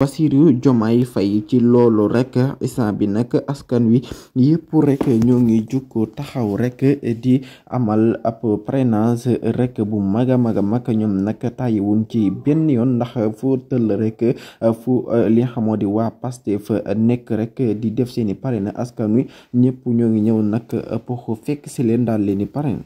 Bassirou Diomaye fay ci loolu rek instant bi nag askan wi yëpp rek ñoo ngi jukk taxaw rek di amal ab parrainage rek bu mag a mag a mag ñoom nag tàyyiwuñ ci benn yoon ndax fu tëll rek fu li xamoo di waa fa nekk rek di def seeni parrain askan wi ñëpp ñoo ngi ñëw nag pour fekk si leen daal leen di parrain